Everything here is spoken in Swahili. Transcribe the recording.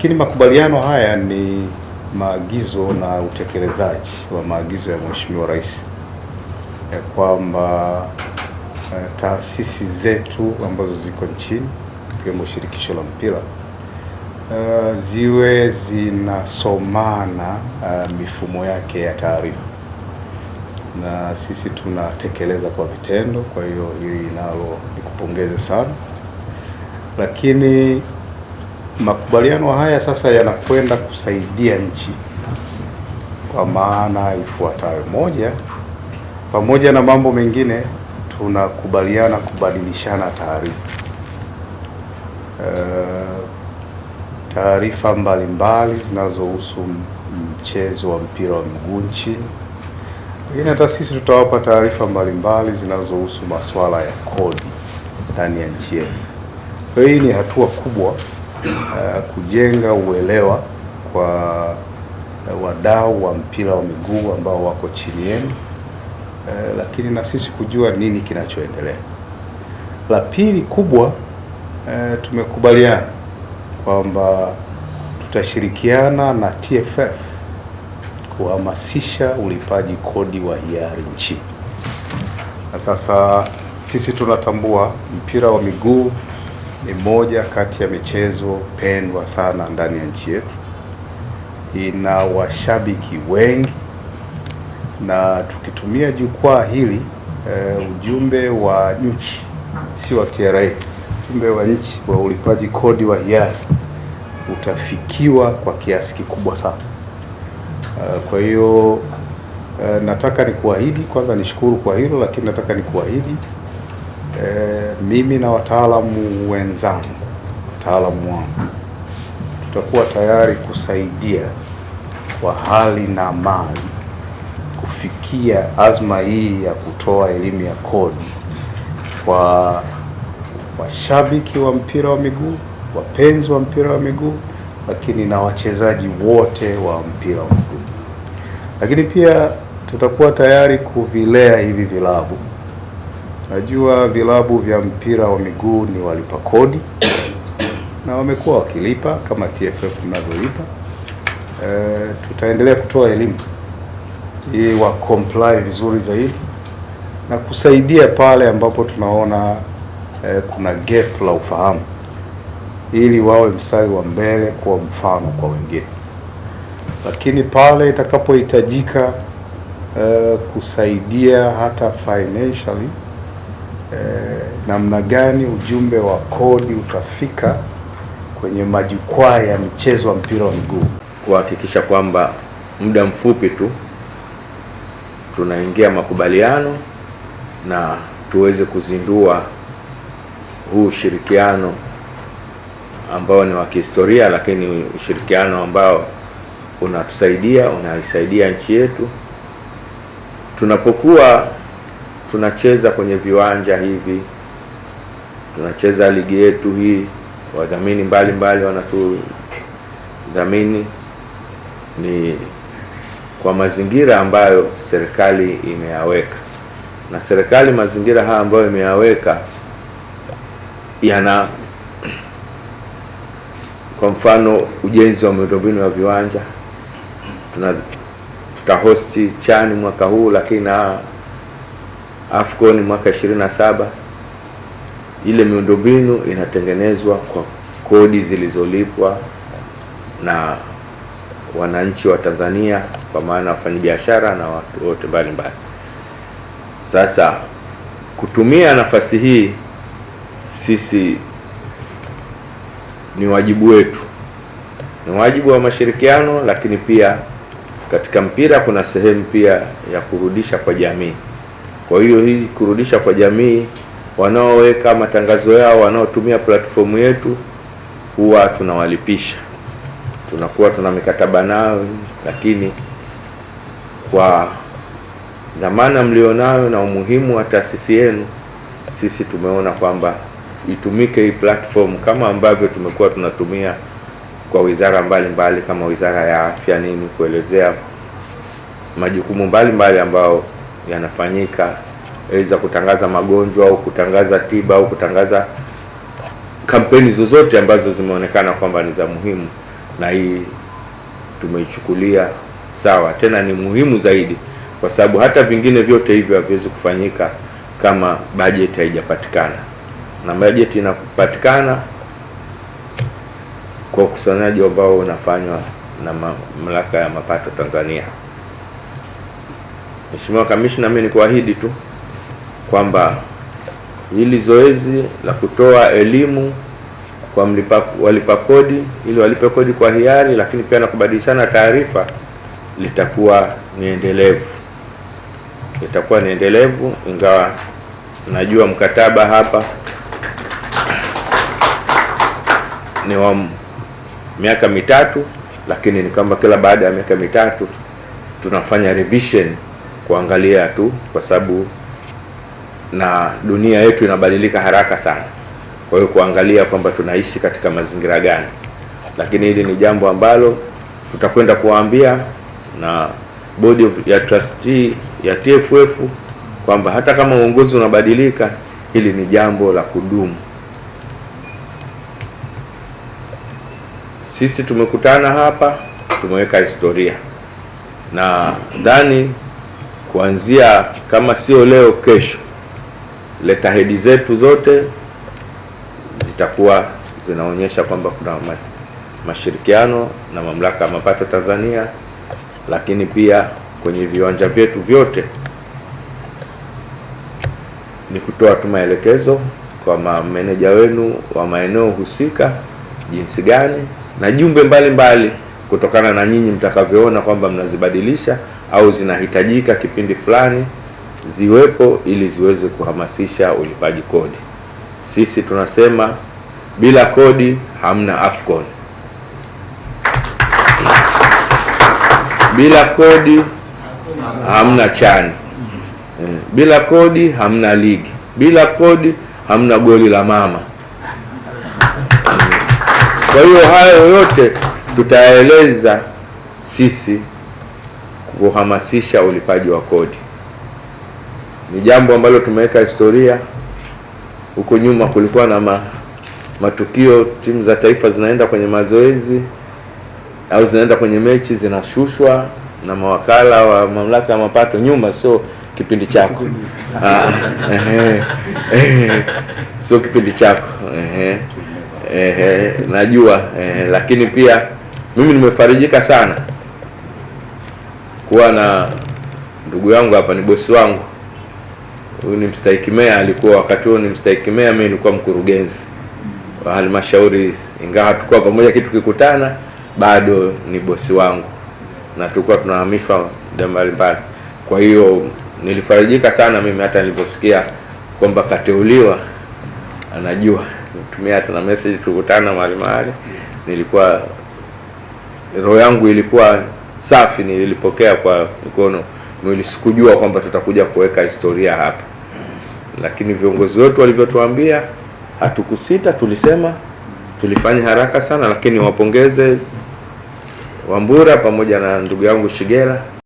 Lakini makubaliano haya ni maagizo na utekelezaji wa maagizo ya Mheshimiwa Rais ya kwamba uh, taasisi zetu ambazo ziko nchini ikiwemo shirikisho la mpira uh, ziwe zinasomana uh, mifumo yake ya taarifa na sisi tunatekeleza kwa vitendo. Kwa hiyo hili nalo nikupongeze sana, lakini makubaliano haya sasa yanakwenda kusaidia nchi kwa maana ifuatayo: moja, pamoja na mambo mengine tunakubaliana kubadilishana taarifa uh, taarifa mbalimbali zinazohusu mchezo wa mpira wa miguu nchini, lakini hata sisi tutawapa taarifa mbalimbali zinazohusu masuala ya kodi ndani ya nchi yetu. hii ni hatua kubwa Eh, kujenga uelewa kwa eh, wadau wa mpira wa miguu ambao wako chini yenu eh, lakini na sisi kujua nini kinachoendelea. La pili kubwa tumekubaliana kwamba tutashirikiana na TFF kuhamasisha ulipaji kodi wa hiari nchini. Na sasa sisi tunatambua mpira wa miguu ni moja kati ya michezo pendwa sana ndani ya nchi yetu, ina washabiki wengi, na tukitumia jukwaa hili e, ujumbe wa nchi, si wa TRA, ujumbe wa nchi wa ulipaji kodi wa hiari utafikiwa kwa kiasi kikubwa sana. E, kwa hiyo e, nataka nikuahidi kwanza, nishukuru kwa hilo, lakini nataka nikuahidi e, mimi na wataalamu wenzangu, wataalamu wangu tutakuwa tayari kusaidia kwa hali na mali kufikia azma hii ya kutoa elimu ya kodi kwa washabiki wa mpira wa miguu, wapenzi wa mpira wa miguu, lakini na wachezaji wote wa mpira wa miguu. Lakini pia tutakuwa tayari kuvilea hivi vilabu Najua vilabu vya mpira wa miguu ni walipa kodi na wamekuwa wakilipa kama TFF mnavyolipa. E, tutaendelea kutoa elimu ili wa comply vizuri zaidi na kusaidia pale ambapo tunaona e, kuna gap la ufahamu ili wawe mstari wa mbele kuwa mfano kwa wengine, lakini pale itakapohitajika e, kusaidia hata financially eh, namna gani ujumbe wa kodi utafika kwenye majukwaa ya michezo ya mpira wa miguu, kuhakikisha kwamba muda mfupi tu tunaingia makubaliano na tuweze kuzindua huu ushirikiano ambao ni wa kihistoria, lakini ushirikiano ambao unatusaidia unaisaidia nchi yetu tunapokuwa tunacheza kwenye viwanja hivi, tunacheza ligi yetu hii, wadhamini mbalimbali wanatudhamini, ni kwa mazingira ambayo serikali imeyaweka, na serikali mazingira haya ambayo imeyaweka yana kwa mfano ujenzi wa miundombinu ya viwanja tuna tutahosti chani mwaka huu, lakini na AFCON mwaka 27 ile miundombinu inatengenezwa kwa kodi zilizolipwa na wananchi wa Tanzania, kwa maana wafanyabiashara na watu wote mbalimbali. Sasa kutumia nafasi hii, sisi ni wajibu wetu, ni wajibu wa mashirikiano, lakini pia katika mpira kuna sehemu pia ya kurudisha kwa jamii. Kwa hiyo hii kurudisha kwa jamii, wanaoweka matangazo yao, wanaotumia platformu yetu, huwa tunawalipisha, tunakuwa tuna mikataba nayo, lakini kwa dhamana mlionayo na umuhimu wa taasisi yenu, sisi tumeona kwamba itumike hii platform kama ambavyo tumekuwa tunatumia kwa wizara mbalimbali mbali, kama wizara ya afya nini, kuelezea majukumu mbalimbali ambao yanafanyika, aweza kutangaza magonjwa au kutangaza tiba au kutangaza kampeni zozote ambazo zimeonekana kwamba ni za muhimu, na hii tumeichukulia sawa, tena ni muhimu zaidi, kwa sababu hata vingine vyote hivyo haviwezi kufanyika kama bajeti haijapatikana, na bajeti inapatikana kwa ukusanyaji ambao unafanywa na mamlaka ya mapato Tanzania. Mheshimiwa Kamishna, mimi nikuahidi tu kwamba hili zoezi la kutoa elimu kwa mlipa, walipa kodi ili walipe kodi kwa hiari, lakini pia na kubadilishana taarifa litakuwa ni endelevu, litakuwa ni endelevu, ingawa najua mkataba hapa ni wa miaka mitatu, lakini ni kwamba kila baada ya miaka mitatu tunafanya revision kuangalia tu, kwa sababu na dunia yetu inabadilika haraka sana. Kwa hiyo kuangalia kwamba tunaishi katika mazingira gani, lakini hili ni jambo ambalo tutakwenda kuwaambia na bodi ya trustee ya TFF kwamba hata kama uongozi unabadilika, hili ni jambo la kudumu. Sisi tumekutana hapa, tumeweka historia na dhani kuanzia kama sio leo, kesho, hedi zetu zote zitakuwa zinaonyesha kwamba kuna mashirikiano na mamlaka ya mapato Tanzania, lakini pia kwenye viwanja vyetu vyote ni kutoa tu maelekezo kwa mameneja wenu wa maeneo husika jinsi gani na jumbe mbalimbali mbali kutokana na nyinyi mtakavyoona kwamba mnazibadilisha au zinahitajika kipindi fulani ziwepo ili ziweze kuhamasisha ulipaji kodi. Sisi tunasema bila kodi hamna Afcon, bila kodi hamna chani, eh, bila kodi hamna ligi, bila kodi hamna goli la mama. Eh, kwa hiyo hayo yote tutaeleza sisi kuhamasisha ulipaji wa kodi. Ni jambo ambalo tumeweka historia. Huko nyuma kulikuwa na ma, matukio, timu za taifa zinaenda kwenye mazoezi au zinaenda kwenye mechi zinashushwa na mawakala wa mamlaka ya mapato nyuma, sio kipindi chako ah, sio kipindi chako ehe, najua lakini pia mimi nimefarijika sana kuwa na ndugu yangu hapa, ni bosi wangu huyu, ni mstahiki meya. Alikuwa wakati huo ni mstahiki mimi nilikuwa mkurugenzi wa halmashauri hizi, ingawa hatukuwa pamoja kitu kikutana, bado ni bosi wangu na tulikuwa tunahamishwa muda mbalimbali. Kwa hiyo nilifarijika sana mimi, hata niliposikia kwamba kateuliwa, anajua nitumia hata na message, tukutana mahali mahali, nilikuwa roho yangu ilikuwa safi, nilipokea kwa mikono miwili. Sikujua kwamba tutakuja kuweka historia hapa, lakini viongozi wetu walivyotuambia, hatukusita, tulisema tulifanya haraka sana, lakini wapongeze Wambura pamoja na ndugu yangu Shigera.